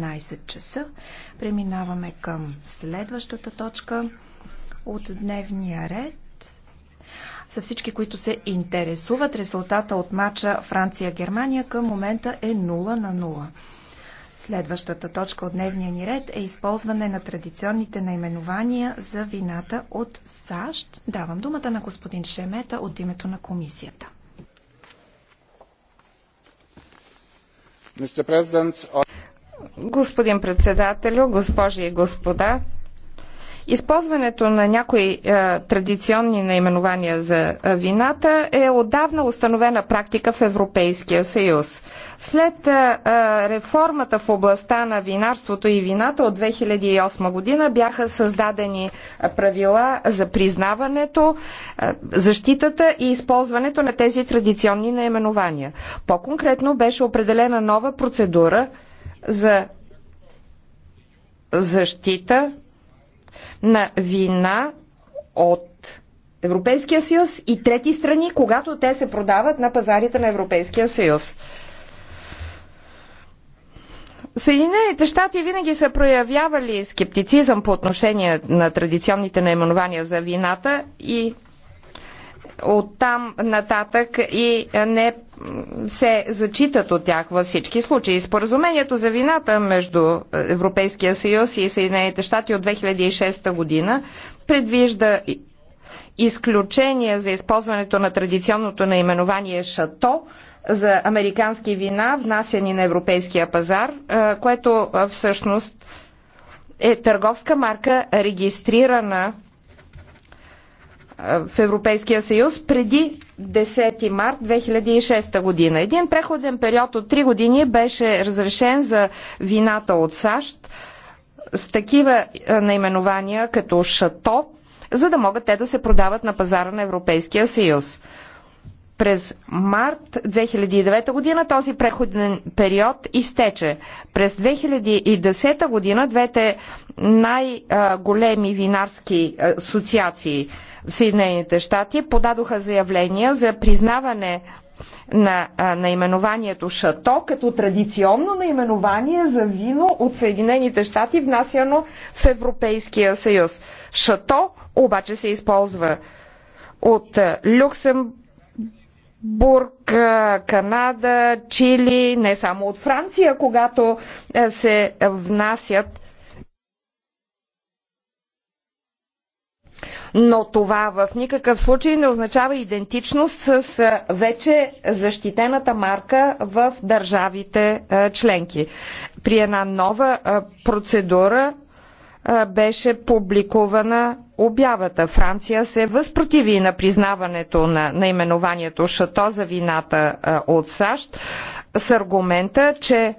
12 часа. Преминаваме към следващата точка от дневния ред. За всички, които се интересуват, резултата от матча Франция-Германия към момента е 0 на 0. Следващата точка от дневния ни ред е използване на традиционните наименования за вината от САЩ. Давам думата на господин Шемета от името на комисията. Господин председателю, госпожи и господа, Използването на някои е, традиционни наименования за е, вината е отдавна установена практика в Европейския съюз. След е, е реформата в областта на винарството и вината от 2008 година бяха създадени е, правила за признаването, е, защитата и използването на тези традиционни наименования. По-конкретно беше определена нова процедура – за защита на вина от Европейския съюз и трети страни, когато те се продават на пазарите на Европейския съюз. Съединените щати винаги са проявявали скептицизъм по отношение на традиционните наименования за вината и от там нататък и не се зачитат от тях във всички случаи. Споразумението за вината между Европейския съюз и Съединените щати от 2006 година предвижда изключение за използването на традиционното наименование шато за американски вина, внасяни на европейския пазар, което всъщност е търговска марка, регистрирана в Европейския съюз преди 10 март 2006 година. Един преходен период от 3 години беше разрешен за вината от САЩ с такива наименования като шато, за да могат те да се продават на пазара на Европейския съюз. През март 2009 година този преходен период изтече. През 2010 година двете най-големи винарски асоциации – в Съединените щати подадоха заявления за признаване на наименованието Шато като традиционно наименование за вино от Съединените щати, внасяно в Европейския съюз. Шато обаче се използва от Люксембург, Канада, Чили, не само от Франция, когато се внасят но това в никакъв случай не означава идентичност с вече защитената марка в държавите членки. При една нова процедура беше публикувана обявата. Франция се възпротиви на признаването на наименованието Шато за вината от САЩ с аргумента, че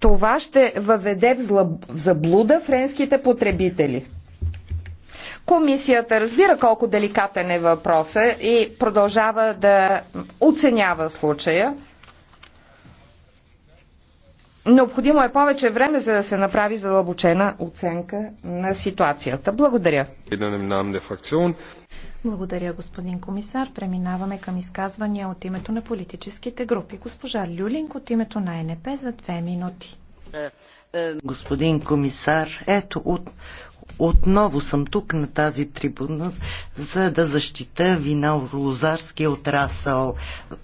това ще въведе в заблуда френските потребители. Комисията разбира колко деликатен е въпроса и продължава да оценява случая. Необходимо е повече време, за да се направи задълбочена оценка на ситуацията. Благодаря. Благодаря, господин комисар. Преминаваме към изказвания от името на политическите групи. Госпожа Люлинг от името на НП за две минути. Господин комисар, ето от, отново съм тук на тази трибуна, за да защита вина винарозарския отрасъл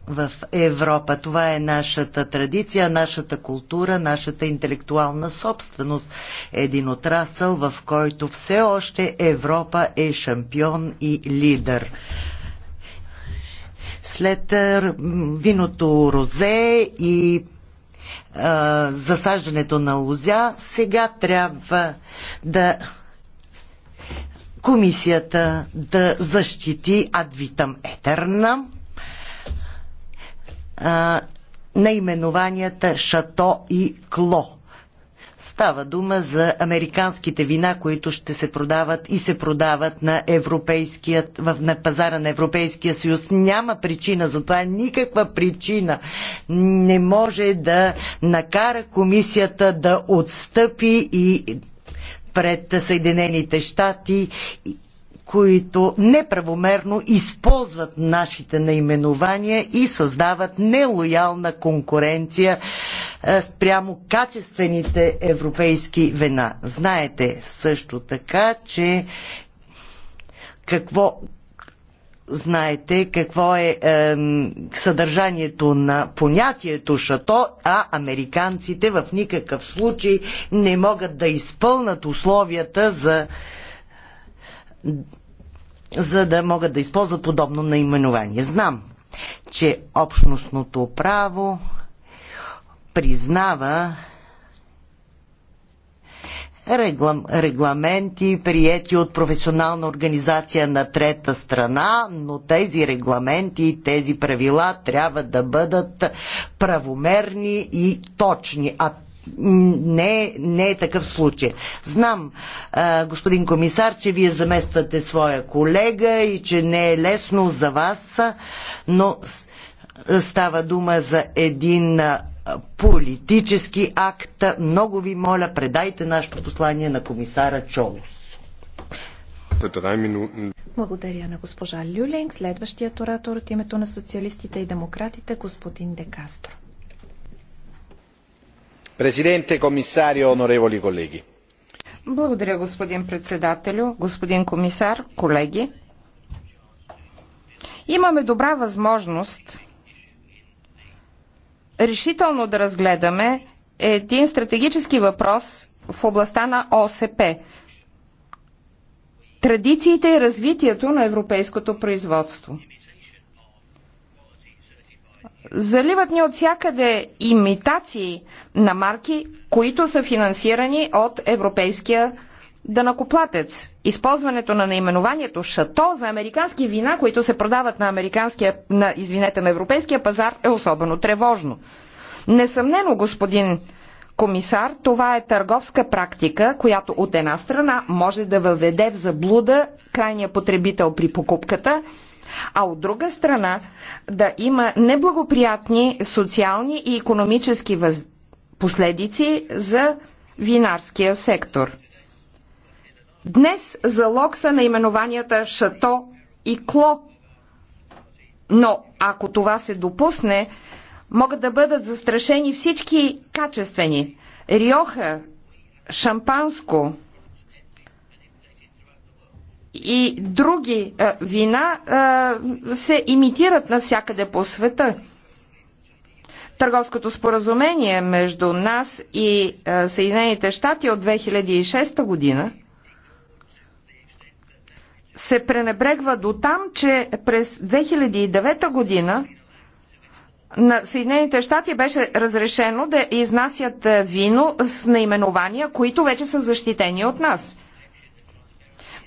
в Европа. Това е нашата традиция, нашата култура, нашата интелектуална собственост. Един отрасъл, в който все още Европа е шампион и лидер след виното розе и а, засаждането на Лузя, сега трябва да комисията да защити адвитам етерна наименованията Шато и Кло. Става дума за американските вина, които ще се продават и се продават на, европейският, на пазара на Европейския съюз. Няма причина за това, никаква причина не може да накара комисията да отстъпи и пред Съединените щати, които неправомерно използват нашите наименования и създават нелоялна конкуренция е, спрямо качествените европейски вина. Знаете също така, че какво, знаете какво е, е съдържанието на понятието шато, а американците в никакъв случай не могат да изпълнат условията за за да могат да използват подобно наименование. Знам, че общностното право признава регламенти, приети от професионална организация на трета страна, но тези регламенти и тези правила трябва да бъдат правомерни и точни. А не, не е такъв случай. Знам, а, господин комисар, че вие замествате своя колега и че не е лесно за вас, но става дума за един политически акт. Много ви моля, предайте нашето послание на комисара Чолос. Благодаря на госпожа Люлинг. Следващият оратор от името на социалистите и демократите, господин Декастро. Президенте, комисари, оноревали колеги. Благодаря, господин председателю, господин комисар, колеги. Имаме добра възможност решително да разгледаме един стратегически въпрос в областта на ОСП традициите и развитието на европейското производство. Заливат ни от всякъде имитации на марки, които са финансирани от Европейския съюз данакоплатец. Използването на наименованието шато за американски вина, които се продават на, американския, на, извинете, на европейския пазар, е особено тревожно. Несъмнено, господин комисар, това е търговска практика, която от една страна може да въведе в заблуда крайния потребител при покупката, а от друга страна да има неблагоприятни социални и економически въз... последици за винарския сектор. Днес залог са наименованията Шато и Кло. Но ако това се допусне, могат да бъдат застрашени всички качествени. Риоха, шампанско и други а, вина а, се имитират навсякъде по света. Търговското споразумение между нас и а, Съединените щати от 2006 година – се пренебрегва до там, че през 2009 година на Съединените щати беше разрешено да изнасят е, вино с наименования, които вече са защитени от нас.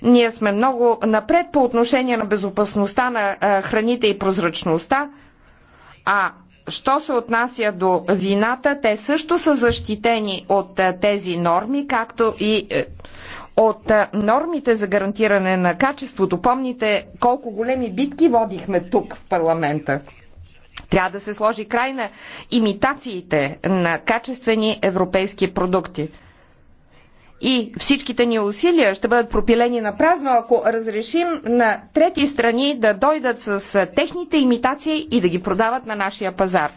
Ние сме много напред по отношение на безопасността на е, храните и прозрачността, а що се отнася до вината, те също са защитени от е, тези норми, както и от нормите за гарантиране на качеството. Помните колко големи битки водихме тук в парламента. Трябва да се сложи край на имитациите на качествени европейски продукти. И всичките ни усилия ще бъдат пропилени на празно, ако разрешим на трети страни да дойдат с техните имитации и да ги продават на нашия пазар.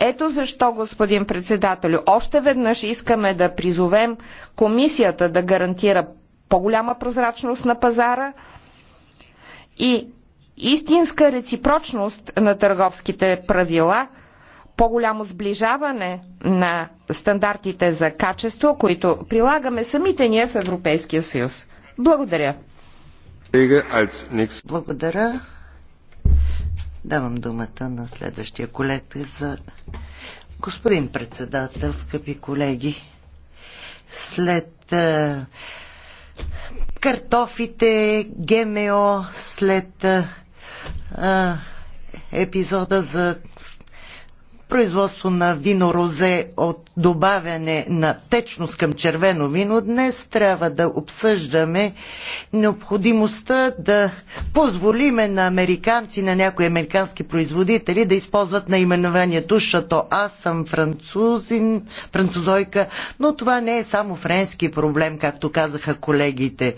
Ето защо, господин председателю, още веднъж искаме да призовем комисията да гарантира по-голяма прозрачност на пазара и истинска реципрочност на търговските правила, по-голямо сближаване на стандартите за качество, които прилагаме самите ние в Европейския съюз. Благодаря. Благодаря. Давам думата на следващия колег за господин председател, скъпи колеги. След е, картофите, ГМО след а, епизода за производство на вино розе от добавяне на течност към червено вино, днес трябва да обсъждаме необходимостта да позволиме на американци, на някои американски производители да използват наименованието Шато. Аз съм французин, французойка, но това не е само френски проблем, както казаха колегите.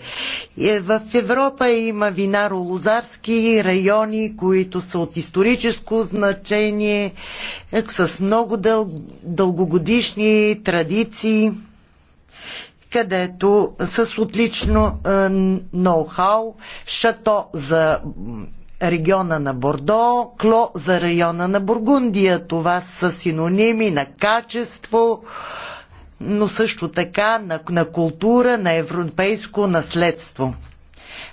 Е, в Европа има винаро-лозарски райони, които са от историческо значение напоследък с много дъл... дългогодишни традиции, където с отлично е, ноу-хау, шато за региона на Бордо, кло за района на Бургундия. Това са синоними на качество, но също така на, на култура, на европейско наследство.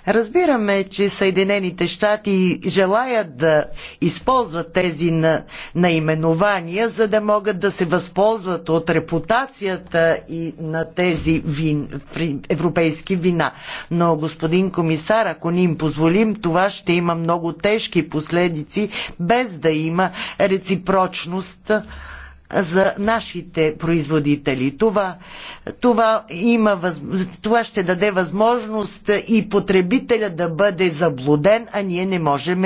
Разбираме, че Съединените щати желаят да използват тези на, наименования, за да могат да се възползват от репутацията и на тези вин, европейски вина. Но, господин комисар, ако ни им позволим, това ще има много тежки последици, без да има реципрочност за нашите производители. Това, това, има, това ще даде възможност и потребителя да бъде заблуден, а ние не можем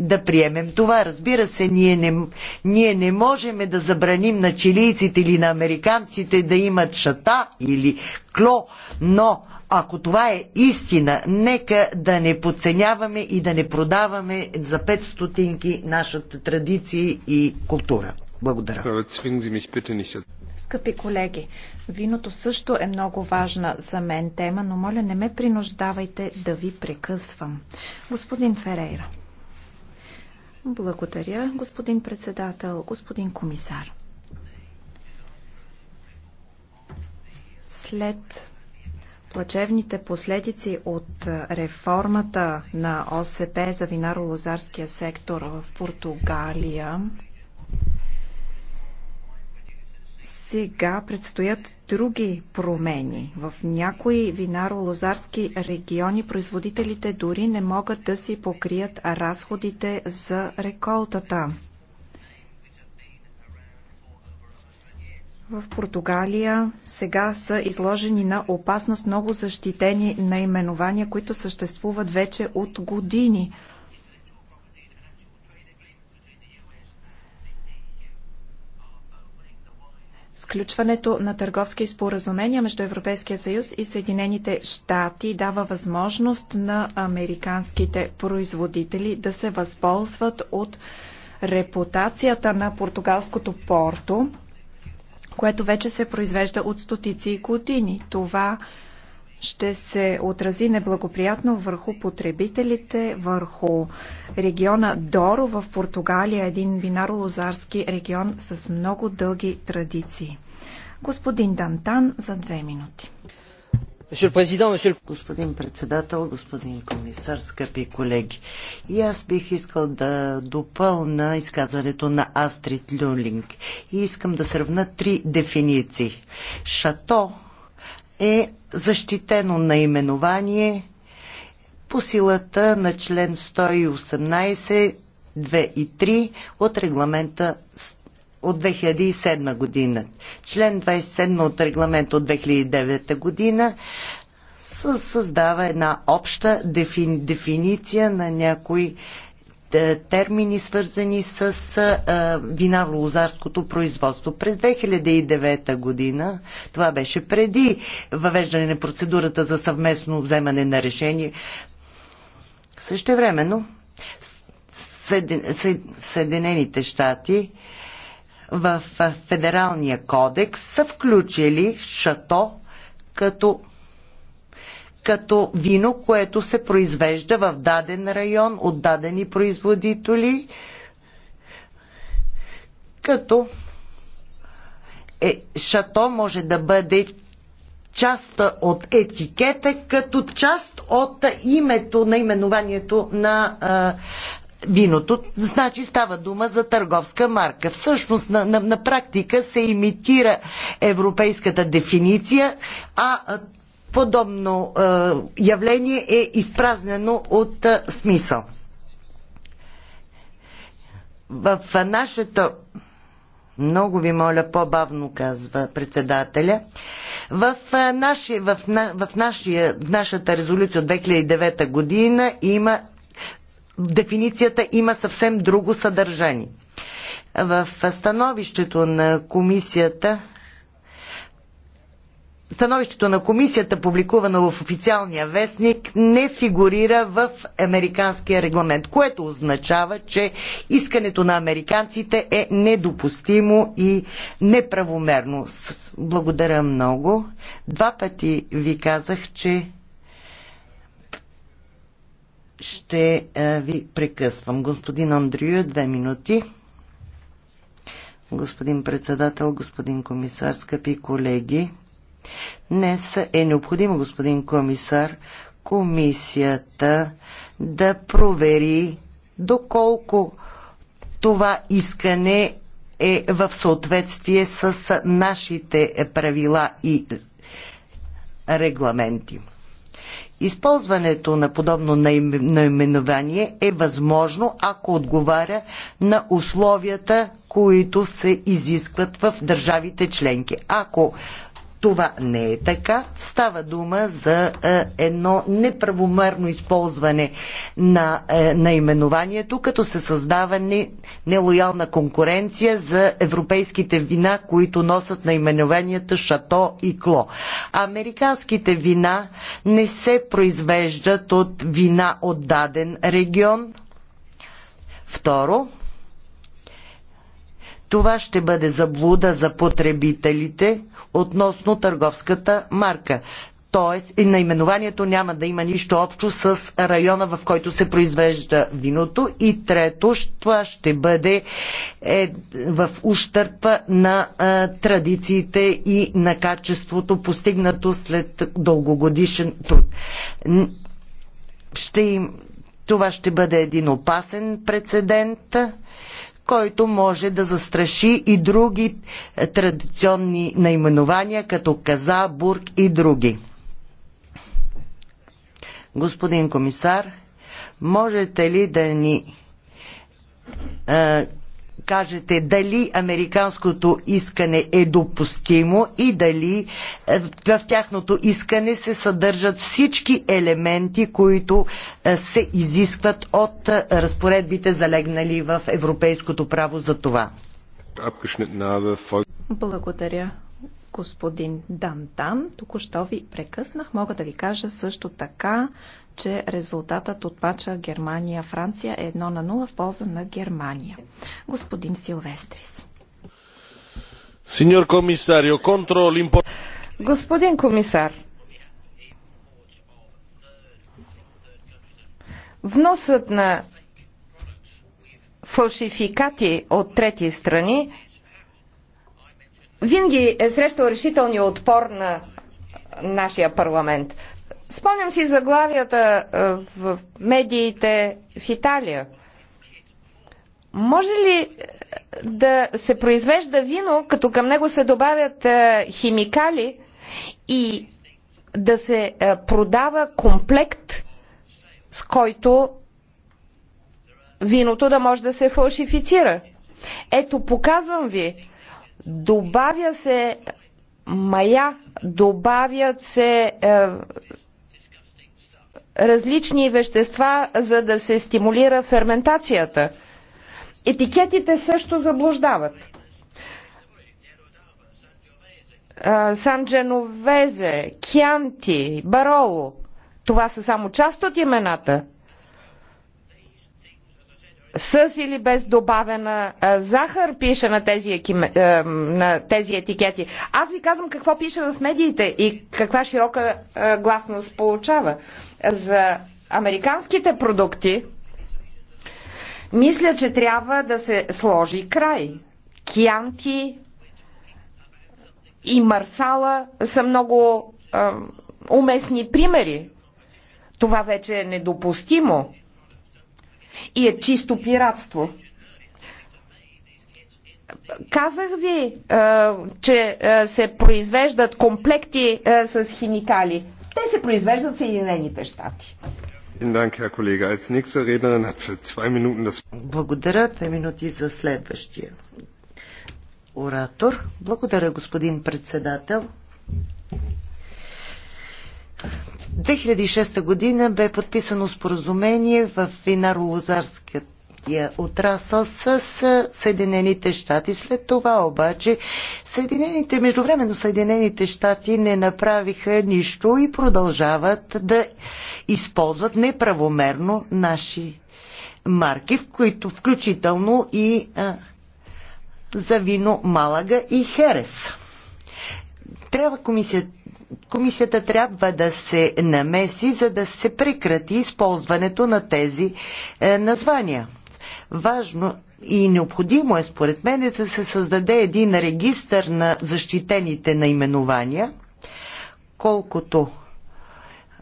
да приемем това. Разбира се, ние не, ние не можем да забраним на чилийците или на американците да имат шата или кло, но ако това е истина, нека да не подценяваме и да не продаваме за 5 стотинки нашата традиция и култура. Благодаря. Äh, Скъпи колеги, виното също е много важна за мен тема, но моля не ме принуждавайте да ви прекъсвам. Господин Ферейра. Благодаря, господин председател, господин комисар. След плачевните последици от реформата на ОСП за винаро-лозарския сектор в Португалия, сега предстоят други промени. В някои винаро-лозарски региони производителите дори не могат да си покрият разходите за реколтата. В Португалия сега са изложени на опасност много защитени наименования, които съществуват вече от години – Сключването на търговски споразумения между Европейския съюз и Съединените щати дава възможност на американските производители да се възползват от репутацията на португалското порто, което вече се произвежда от стотици години. Това ще се отрази неблагоприятно върху потребителите, върху региона Доро в Португалия, един винаро-лозарски регион с много дълги традиции. Господин Дантан за две минути. Господин председател, господин комисар, скъпи колеги, и аз бих искал да допълна изказването на Астрид Люлинг и искам да сравна три дефиниции. Шато е защитено наименование по силата на член 118 2 и 3 от регламента от 2007 година. Член 27 от регламент от 2009 година създава една обща дефиниция на някои е, термини, свързани с е, винаро-лозарското производство. През 2009 година, това беше преди въвеждане на процедурата за съвместно вземане на решение, същевременно Съединените щати в е, Федералния кодекс са включили шато като като вино, което се произвежда в даден район от дадени производители, като е, шато може да бъде част от етикета, като част от името, наименованието на а, виното. Значи става дума за търговска марка. Всъщност на, на, на практика се имитира европейската дефиниция, а подобно е, явление е изпразнено от е, смисъл. В нашето много ви моля, по-бавно казва председателя. В, е, наши, в, на, в, нашия, в нашата резолюция от 2009 година има дефиницията има съвсем друго съдържание. В становището на комисията Становището на комисията, публикувано в официалния вестник, не фигурира в американския регламент, което означава, че искането на американците е недопустимо и неправомерно. Благодаря много. Два пъти ви казах, че ще е, ви прекъсвам. Господин Андрю, две минути. Господин председател, господин комисар, скъпи колеги, Днес е необходимо, господин комисар, комисията да провери доколко това искане е в съответствие с нашите правила и регламенти. Използването на подобно наименование е възможно, ако отговаря на условията, които се изискват в държавите членки. Ако това не е така. Става дума за е, едно неправомерно използване на е, наименованието, като се създава не, нелоялна конкуренция за европейските вина, които носят наименованията Шато и Кло. Американските вина не се произвеждат от вина от даден регион. Второ, това ще бъде заблуда за потребителите относно търговската марка. Тоест, наименованието няма да има нищо общо с района, в който се произвежда виното. И трето, това ще бъде е, в ущърпа на е, традициите и на качеството, постигнато след дългогодишен труд. Ще им, това ще бъде един опасен прецедент който може да застраши и други е, традиционни наименования, като каза, Бург и други. Господин комисар, можете ли да ни е, кажете дали американското искане е допустимо и дали е, в тяхното искане се съдържат всички елементи, които е, се изискват от е, разпоредбите залегнали в европейското право за това. Благодаря, господин Дантан. Току-що ви прекъснах. Мога да ви кажа също така, че резултатът от пача Германия-Франция е 1 на 0 в полза на Германия. Господин Силвестрис. Синьор комисарио, контрол Господин комисар, вносът на фалшификати от трети страни винаги е срещал решителния отпор на нашия парламент. Спомням си заглавията е, в медиите в Италия. Може ли е, да се произвежда вино, като към него се добавят е, химикали и да се продава комплект, с който виното да може да се фалшифицира? Ето, показвам ви. Добавя се мая, добавят се е, различни вещества, за да се стимулира ферментацията. Етикетите също заблуждават. Сан Дженовезе, Кянти, Бароло. Това са само част от имената. С или без добавена захар пише на тези, на тези етикети. Аз ви казвам какво пише в медиите и каква широка гласност получава за американските продукти, мисля, че трябва да се сложи край. Кианти и Марсала са много а, уместни примери. Това вече е недопустимо и е чисто пиратство. Казах ви, че се произвеждат комплекти с химикали. Те се произвеждат в Съединените щати. Благодаря. Две минути за следващия оратор. Благодаря, господин председател. 2006 година бе подписано споразумение в Винаро-Лозарският търговския отрасъл с Съединените щати. След това обаче Съединените, междувременно Съединените щати не направиха нищо и продължават да използват неправомерно наши марки, в които включително и а, за вино Малага и Херес. Трябва комисията Комисията трябва да се намеси, за да се прекрати използването на тези е, названия. Важно и необходимо е, според мен, е да се създаде един регистър на защитените наименования, колкото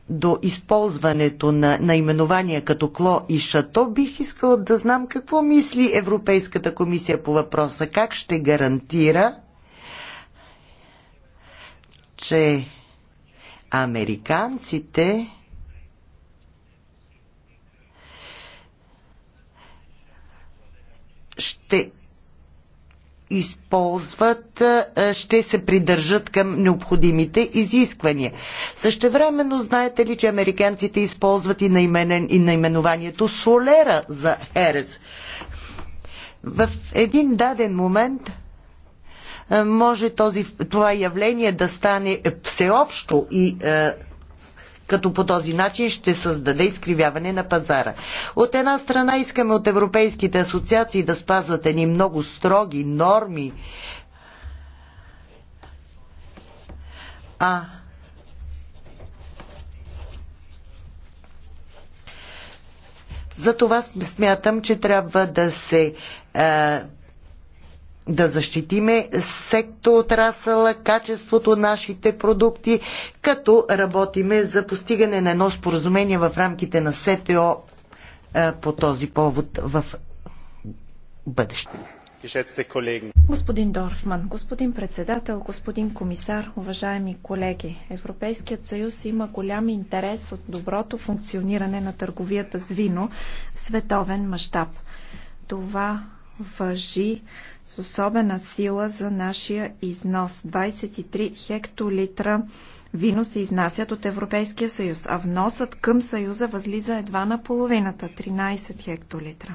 до използването на наименования като Кло и Шато, бих искала да знам какво мисли Европейската комисия по въпроса. Как ще гарантира, че американците ще използват, ще се придържат към необходимите изисквания. Същевременно знаете ли, че американците използват и, наименен, и наименованието Солера за Херес. В един даден момент може този, това явление да стане всеобщо и е, като по този начин ще създаде изкривяване на пазара. От една страна искаме от европейските асоциации да спазват едни много строги норми, а Затова смятам, че трябва да се е, да защитиме секто отрасъла, качеството нашите продукти, като работиме за постигане на едно споразумение в рамките на СТО е, по този повод в бъдеще. Господин Дорфман, господин председател, господин комисар, уважаеми колеги, Европейският съюз има голям интерес от доброто функциониране на търговията с вино в световен мащаб. Това въжи с особена сила за нашия износ. 23 хектолитра вино се изнасят от Европейския съюз, а вносът към съюза възлиза едва на половината 13 хектолитра.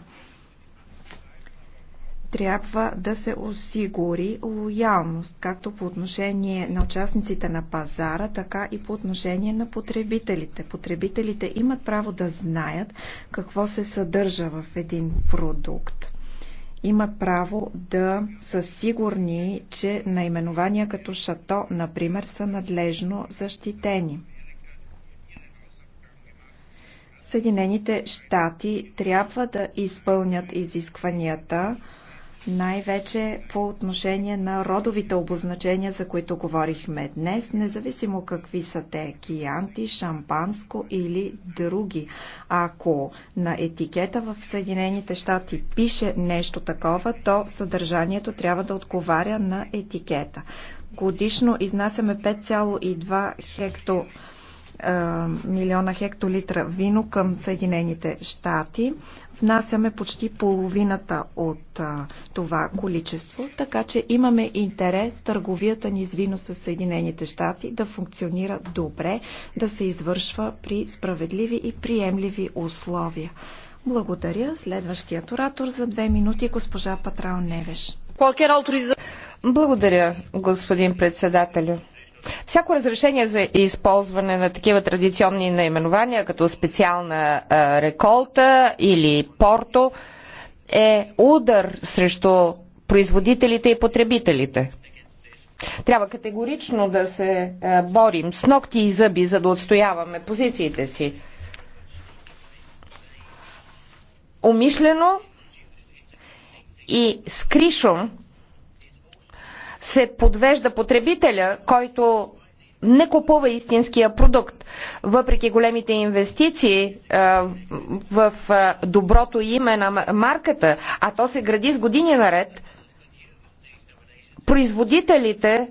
Трябва да се осигури лоялност, както по отношение на участниците на пазара, така и по отношение на потребителите. Потребителите имат право да знаят какво се съдържа в един продукт имат право да са сигурни, че наименования като шато, например, са надлежно защитени. Съединените щати трябва да изпълнят изискванията най-вече по отношение на родовите обозначения, за които говорихме днес, независимо какви са те – кианти, шампанско или други. Ако на етикета в Съединените щати пише нещо такова, то съдържанието трябва да отговаря на етикета. Годишно изнасяме 5,2 хекто е, милиона хектолитра вино към Съединените щати. Внасяме почти половината от е, това количество, така че имаме интерес търговията ни с вино с Съединените щати да функционира добре, да се извършва при справедливи и приемливи условия. Благодаря. Следващият оратор за две минути госпожа Патрал Невеш. Благодаря, господин председателю. Всяко разрешение за използване на такива традиционни наименования, като специална а, реколта или порто, е удар срещу производителите и потребителите. Трябва категорично да се борим с ногти и зъби, за да отстояваме позициите си. Умишлено и скришом се подвежда потребителя, който не купува истинския продукт. Въпреки големите инвестиции е, в е, доброто име на марката, а то се гради с години наред, производителите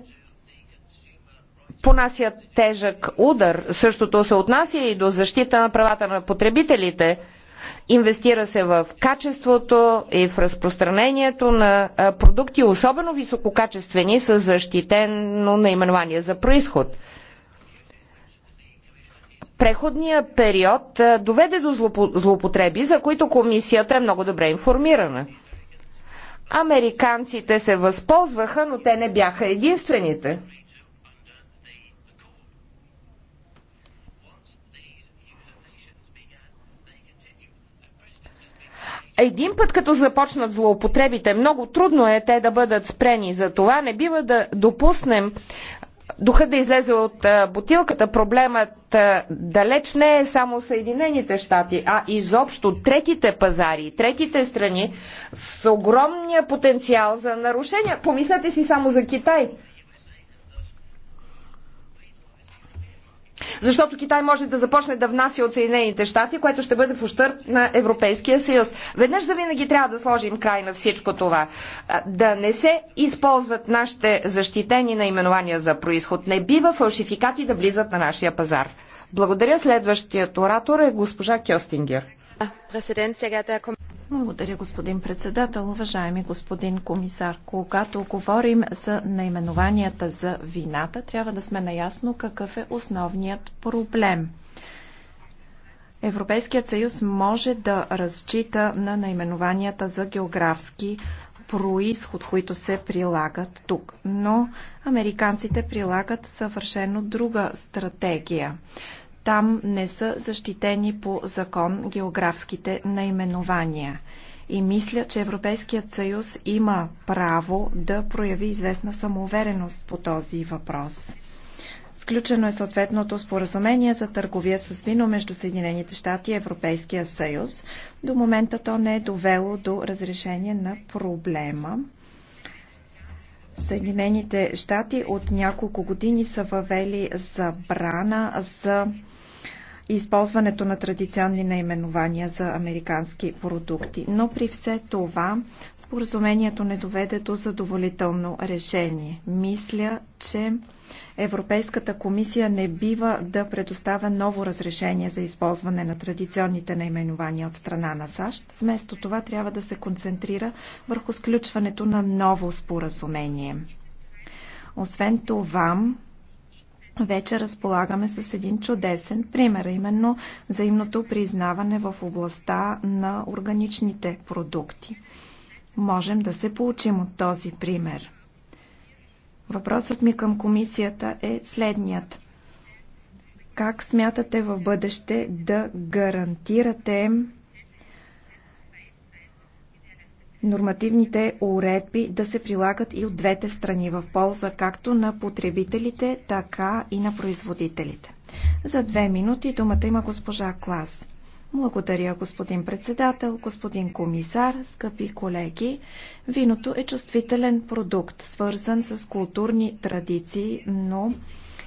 понасят тежък удар. Същото се отнася и до защита на правата на потребителите – инвестира се в качеството и в разпространението на продукти, особено висококачествени, с защитено наименование за происход. Преходният период доведе до злоупотреби, за които комисията е много добре информирана. Американците се възползваха, но те не бяха единствените. един път като започнат злоупотребите, много трудно е те да бъдат спрени. За това не бива да допуснем духа да излезе от бутилката. Проблемът далеч не е само Съединените щати, а изобщо третите пазари, третите страни с огромния потенциал за нарушения. Помислете си само за Китай. защото Китай може да започне да внася от Съединените щати, което ще бъде в ущърп на Европейския съюз. Веднъж за винаги трябва да сложим край на всичко това. Да не се използват нашите защитени наименования за происход. Не бива фалшификати да влизат на нашия пазар. Благодаря. Следващият оратор е госпожа Кьостингер. Президент, сега благодаря, господин председател. Уважаеми господин комисар, когато говорим за наименованията за вината, трябва да сме наясно какъв е основният проблем. Европейският съюз може да разчита на наименованията за географски происход, които се прилагат тук. Но американците прилагат съвършено друга стратегия там не са защитени по закон географските наименования. И мисля, че Европейският съюз има право да прояви известна самоувереност по този въпрос. Сключено е съответното споразумение за търговия с вино между Съединените щати и Европейския съюз. До момента то не е довело до разрешение на проблема. Съединените щати от няколко години са въвели забрана за използването на традиционни наименования за американски продукти. Но при все това споразумението не доведе до задоволително решение. Мисля, че Европейската комисия не бива да предоставя ново разрешение за използване на традиционните наименования от страна на САЩ. Вместо това трябва да се концентрира върху сключването на ново споразумение. Освен това, вече разполагаме с един чудесен пример, именно взаимното признаване в областта на органичните продукти. Можем да се получим от този пример. Въпросът ми към комисията е следният. Как смятате в бъдеще да гарантирате нормативните уредби да се прилагат и от двете страни в полза както на потребителите, така и на производителите. За две минути думата има госпожа Клас. Благодаря, господин председател, господин комисар, скъпи колеги. Виното е чувствителен продукт, свързан с културни традиции, но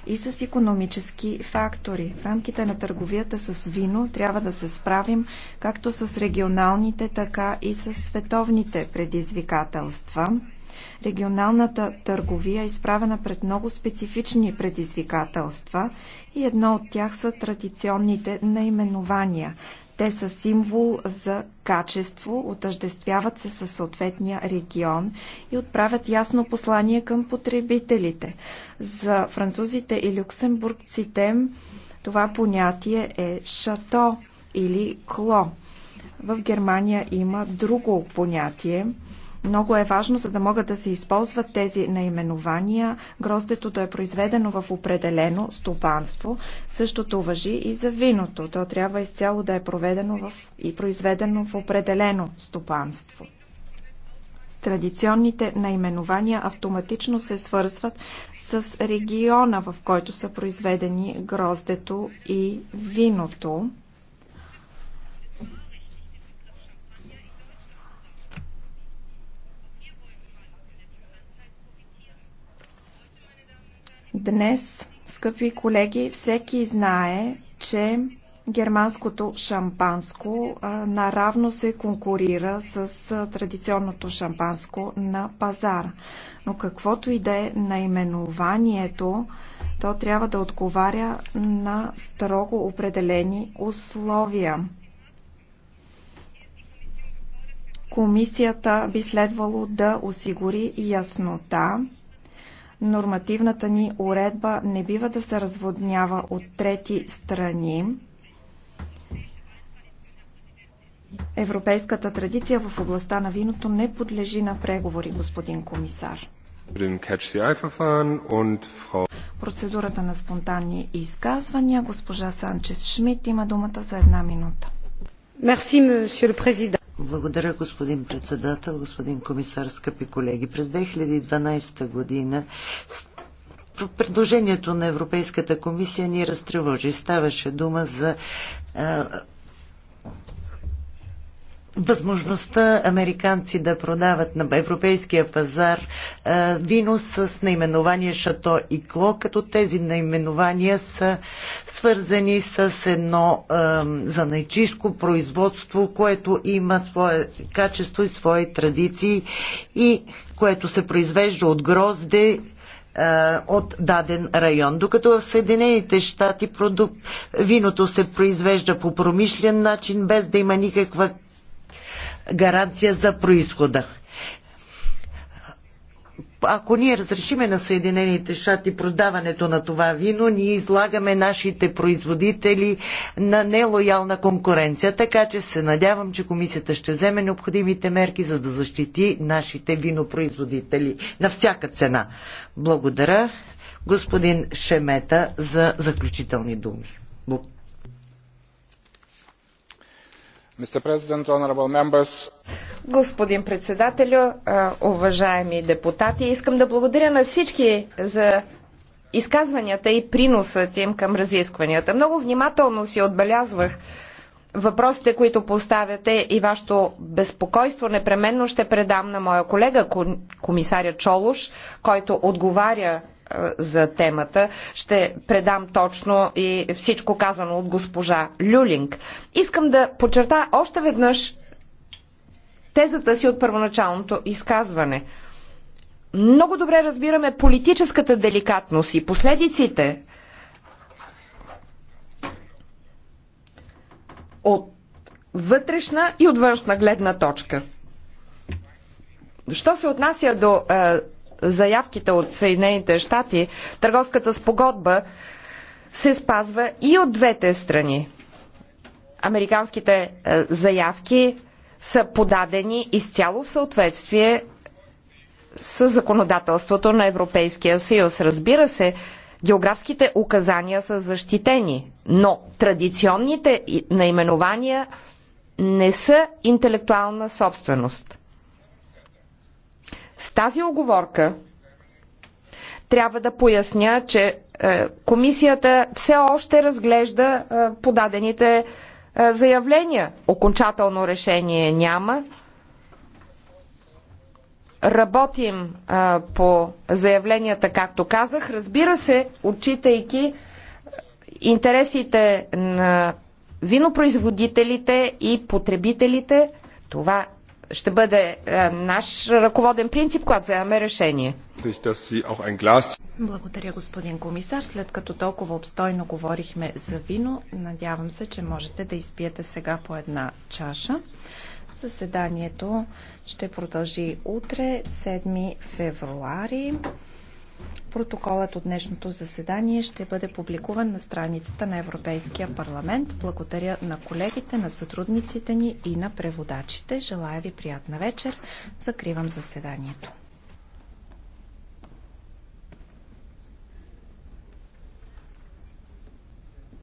и с економически фактори. В рамките на търговията с вино трябва да се справим както с регионалните, така и с световните предизвикателства. Регионалната търговия е изправена пред много специфични предизвикателства и едно от тях са традиционните наименования. Те са символ за качество, отъждествяват се със съответния регион и отправят ясно послание към потребителите. За французите и люксембургците това понятие е шато или кло. В Германия има друго понятие много е важно, за да могат да се използват тези наименования, гроздето да е произведено в определено стопанство. Същото въжи и за виното. То трябва изцяло да е проведено в... и произведено в определено стопанство традиционните наименования автоматично се свързват с региона, в който са произведени гроздето и виното. Днес, скъпи колеги, всеки знае, че германското шампанско наравно се конкурира с традиционното шампанско на пазар. Но каквото и да е наименованието, то трябва да отговаря на строго определени условия. Комисията би следвало да осигури яснота нормативната ни уредба не бива да се разводнява от трети страни. Европейската традиция в областта на виното не подлежи на преговори, господин комисар. Процедурата на спонтанни изказвания. Госпожа Санчес Шмидт има думата за една минута. Мерси, президент. Благодаря, господин председател, господин комисар, скъпи колеги. През 2012 година предложението на Европейската комисия ни разтревожи. Ставаше дума за възможността американци да продават на европейския пазар а, е, вино с наименование Шато и Кло, като тези наименования са свързани с едно е, занайчиско производство, което има свое качество и свои традиции и което се произвежда от грозде е, от даден район. Докато в Съединените щати продукт, виното се произвежда по промишлен начин, без да има никаква гаранция за происхода. Ако ние разрешиме на Съединените щати продаването на това вино, ние излагаме нашите производители на нелоялна конкуренция. Така че се надявам, че комисията ще вземе необходимите мерки, за да защити нашите винопроизводители на всяка цена. Благодаря господин Шемета за заключителни думи. Благодаря. Господин председателю, уважаеми депутати, искам да благодаря на всички за изказванията и приносът им към разискванията. Много внимателно си отбелязвах въпросите, които поставяте и вашето безпокойство непременно ще предам на моя колега комисаря Чолуш, който отговаря за темата. Ще предам точно и всичко казано от госпожа Люлинг. Искам да подчерта още веднъж тезата си от първоначалното изказване. Много добре разбираме политическата деликатност и последиците от вътрешна и от външна гледна точка. Що се отнася до е, заявките от Съединените щати, търговската спогодба се спазва и от двете страни. Американските е, заявки са подадени изцяло в съответствие с законодателството на Европейския съюз. Разбира се, географските указания са защитени, но традиционните наименования не са интелектуална собственост. С тази оговорка трябва да поясня, че е, комисията все още разглежда е, подадените е, заявления. Окончателно решение няма. Работим по заявленията, както казах. Разбира се, отчитайки интересите на винопроизводителите и потребителите, това ще бъде е, наш ръководен принцип, когато вземаме решение. Благодаря, господин комисар. След като толкова обстойно говорихме за вино, надявам се, че можете да изпиете сега по една чаша. Заседанието ще продължи утре, 7 февруари. Протоколът от днешното заседание ще бъде публикуван на страницата на Европейския парламент. Благодаря на колегите, на сътрудниците ни и на преводачите. Желая ви приятна вечер. Закривам заседанието.